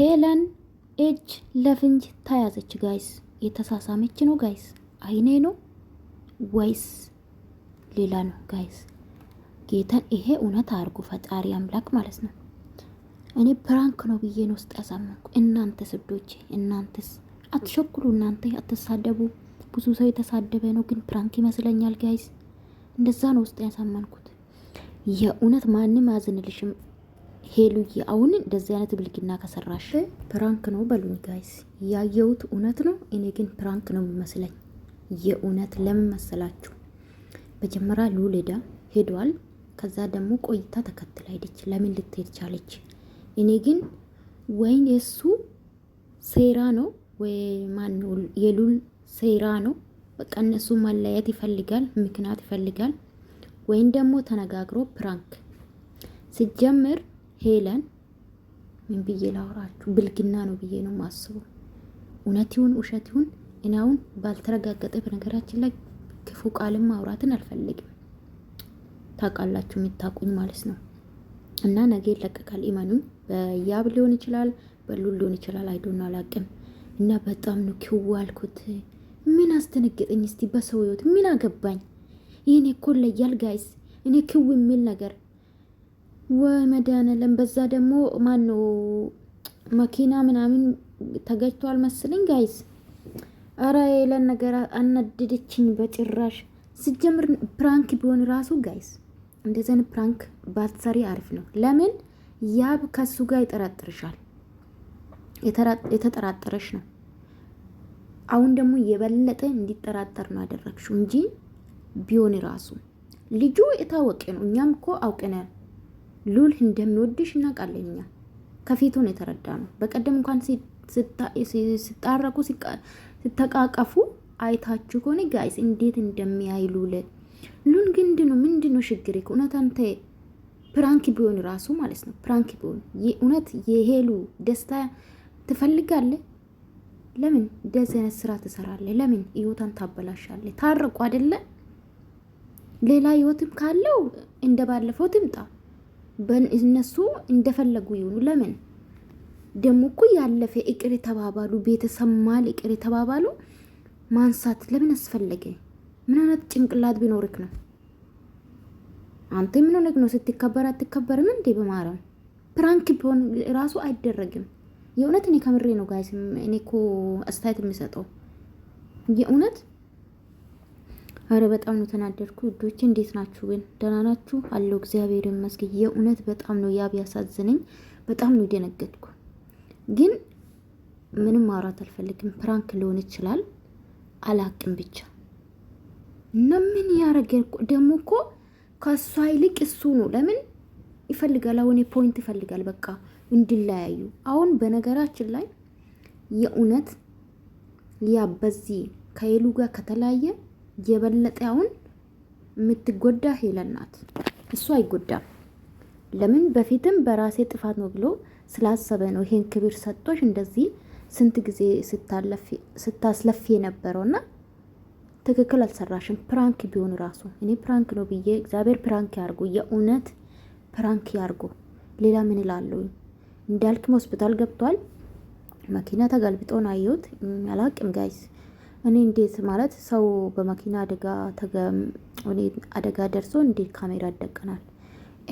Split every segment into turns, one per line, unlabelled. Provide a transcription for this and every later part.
ሄለን እጅ ለፍንጅ ተያዘች። ጋይስ የተሳሳመች ነው ጋይስ፣ አይኔ ነው ወይስ ሌላ ነው ጋይስ? ጌታን ይሄ እውነት አድርጎ ፈጣሪ አምላክ ማለት ነው። እኔ ፕራንክ ነው ብዬ ነው ውስጥ ያሳመንኩ። እናንተስ እብዶች፣ እናንተስ አትሸኩሉ፣ እናንተ አትሳደቡ። ብዙ ሰው የተሳደበ ነው ግን ፕራንክ ይመስለኛል ጋይስ። እንደዛ ነው ውስጥ ያሳመንኩት። የእውነት ማንም አያዝንልሽም። ሄሉዬ አሁን እንደዚህ አይነት ብልግና ከሰራሽ ፕራንክ ነው በሉኝ ጋይስ። ያየሁት እውነት ነው፣ እኔ ግን ፕራንክ ነው የሚመስለኝ። የእውነት ለምን መሰላችሁ? መጀመሪያ ሉሌዳ ሄዷል። ከዛ ደግሞ ቆይታ ተከትላ ሄደች። ለምን ልትሄድ ቻለች? እኔ ግን ወይም የእሱ ሴራ ነው ወይ ማን የሉል ሴራ ነው። በቃ እነሱ መለያየት ይፈልጋል፣ ምክንያት ይፈልጋል፣ ወይም ደግሞ ተነጋግሮ ፕራንክ ሲጀምር ሄለን ምን ብዬ ላውራችሁ? ብልግና ነው ብዬ ነው የማስበው። እውነት ይሁን ውሸት ይሁን እኔ አሁን ባልተረጋገጠ በነገራችን ላይ ክፉ ቃልም ማውራትን አልፈልግም። ታውቃላችሁ፣ የምታውቁኝ ማለት ነው። እና ነገ ይለቀቃል። ኢማኑኝ በያብ ሊሆን ይችላል፣ በሉል ሊሆን ይችላል። አይዶና አላቅም። እና በጣም ነው ክው አልኩት። ምን አስደነገጠኝ? እስቲ በሰው ህይወት ምን አገባኝ? ይህኔ እኮ ለያል ጋይስ እኔ ክው የሚል ነገር ወመድኃኒዓለም በዛ ደግሞ ማነው መኪና ምናምን ተገጭቷል መስልኝ ጋይዝ አረ የለን ነገር አናደደችኝ በጭራሽ። ስጀምር ፕራንክ ቢሆን ራሱ ጋይስ እንደዘን ፕራንክ ባትሰሪ አሪፍ ነው። ለምን ያብ ከሱ ጋር ይጠራጥርሻል፣ የተጠራጠረሽ ነው። አሁን ደግሞ የበለጠ እንዲጠራጠር ነው ያደረግሽው እንጂ ቢሆን ራሱ ልጁ የታወቀ ነው። እኛም እኮ አውቀናል። ሉል እንደሚወድሽ እናውቃለን እኛ ከፊቱ ነው የተረዳ ነው። በቀደም እንኳን ሲጣረቁ ሲተቃቀፉ አይታችሁ ከሆነ ጋይስ እንዴት እንደሚያይ ሉል ግንድኑ ምንድነው ችግር እውነት አንተ ፕራንክ ቢሆን ራሱ ማለት ነው ፕራንክ ቢሆን እውነት የሄሉ ደስታ ትፈልጋለ ለምን እንደዚህ አይነት ስራ ትሰራለህ? ለምን ህይወታን ታበላሻለህ? ታረቁ አይደለ ሌላ ህይወትም ካለው እንደ ባለፈው ትምጣ። እነሱ እንደፈለጉ ይሁኑ። ለምን ደግሞ እኮ ያለፈ ይቅር የተባባሉ ቤተሰብ ማል ይቅር የተባባሉ ማንሳት ለምን አስፈለገ? ምን አይነት ጭንቅላት ቢኖርክ ነው? አንተ ምን ሆነክ ነው? ስትከበር አትከበርም እንዴ? በማርያም ፕራንክ ቢሆን ራሱ አይደረግም። የእውነት እኔ ከምሬ ነው ጋይስ፣ እኔ እኮ አስተያየት የሚሰጠው የእውነት አረ በጣም ነው ተናደድኩ። እዶች እንዴት ናችሁ ግን ደህና ናችሁ? አለው እግዚአብሔር ይመስገን። የእውነት በጣም ነው ያብ ያሳዝነኝ። በጣም ነው ደነገጥኩ። ግን ምንም ማውራት አልፈልግም። ፕራንክ ሊሆን ይችላል አላቅም ብቻ እና ምን ያረገ ደግሞ እኮ ከእሷ ይልቅ እሱ ነው ለምን ይፈልጋል። አሁን ፖይንት ይፈልጋል በቃ እንዲለያዩ አሁን በነገራችን ላይ የእውነት ያ በዚህ ከሄሉ ጋር ከተለያየ አሁን የምትጎዳ ሄለን ናት። እሱ አይጎዳም። ለምን በፊትም በራሴ ጥፋት ነው ብሎ ስላሰበ ነው ይሄን ክብር ሰጥቶሽ እንደዚህ ስንት ጊዜ ስታስለፊ የነበረው እና ትክክል አልሰራሽም። ፕራንክ ቢሆን ራሱ እኔ ፕራንክ ነው ብዬ እግዚአብሔር ፕራንክ ያርጎ የእውነት ፕራንክ ያርጎ። ሌላ ምን ላለው እንዳልክም ሆስፒታል ገብቷል። መኪና ተጋልብጦን አየሁት። አላቅም ጋይዝ እኔ እንዴት ማለት ሰው በመኪና አደጋ አደጋ ደርሶ እንዴት ካሜራ ይደቀናል?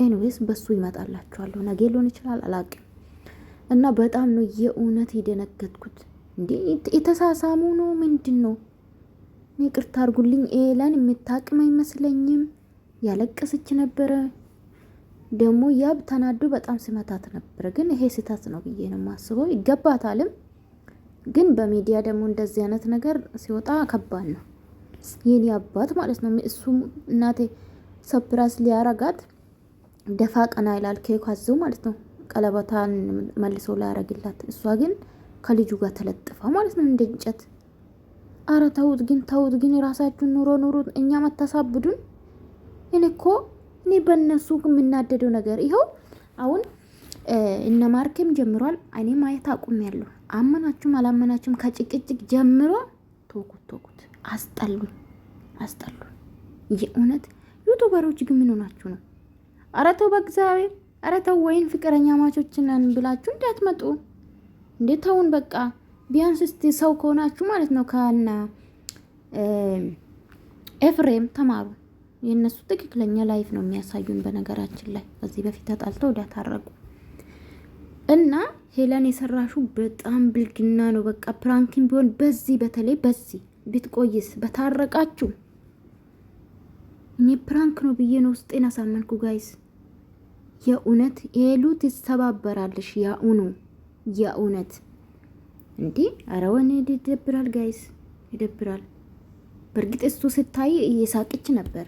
ኤንዌስ በሱ ይመጣላችኋለሁ። ነገ ሊሆን ይችላል አላቅም። እና በጣም ነው የእውነት የደነገጥኩት። እንዴ የተሳሳሙ ነው ምንድን ነው? ይቅርታ አርጉልኝ። ኤለን የምታቅም አይመስለኝም። ያለቀሰች ነበረ። ደግሞ ያብ ተናዶ በጣም ስመታት ነበረ። ግን ይሄ ስህተት ነው ብዬ ነው የማስበው። ይገባታልም ግን በሚዲያ ደግሞ እንደዚህ አይነት ነገር ሲወጣ ከባድ ነው። የኔ አባት ማለት ነው። እሱ እናቴ ሰፕራስ ሊያረጋት ደፋ ቀና ይላል። ኬክ አዘው ማለት ነው። ቀለበታን መልሰው ላያረግላት፣ እሷ ግን ከልጁ ጋር ተለጥፋ ማለት ነው እንደ እንጨት። አረ ተውት ግን ተውት ግን የራሳችሁን ኑሮ ኑሮ እኛ መታሳብዱን እኔ እኮ እኔ በእነሱ የምናደደው ነገር ይኸው አሁን እነ ማርኬም ጀምሯል። እኔ ማየት አቁም ያለሁ አመናችሁም አላመናችሁም ከጭቅጭቅ ጀምሮ ተውኩት ተውኩት። አስጠሉኝ አስጠሉኝ። የእውነት ዩቱበሮች ግን ምን ሆናችሁ ነው? ኧረ ተው በእግዚአብሔር ኧረ ተው። ወይን ፍቅረኛ ማቾችንን ብላችሁ እንዳትመጡ እንዴ! ተውን በቃ። ቢያንስ እስቲ ሰው ከሆናችሁ ማለት ነው ከና ኤፍሬም ተማሩ። የእነሱ ትክክለኛ ላይፍ ነው የሚያሳዩን። በነገራችን ላይ ከዚህ በፊት ተጣልተው ወዲያ እና ሄለን የሰራሹ በጣም ብልግና ነው። በቃ ፕራንክን ቢሆን በዚህ በተለይ በዚህ ብትቆይስ በታረቃችሁ። እኔ ፕራንክ ነው ብዬ ነው ውስጤን አሳመንኩ። ጋይስ የእውነት ሄሉ ትሰባበራለሽ። ያኡኑ የእውነት እንዲህ አረወን ይደብራል። ጋይስ ይደብራል። በእርግጥ እሱ ስታይ እየሳቅች ነበር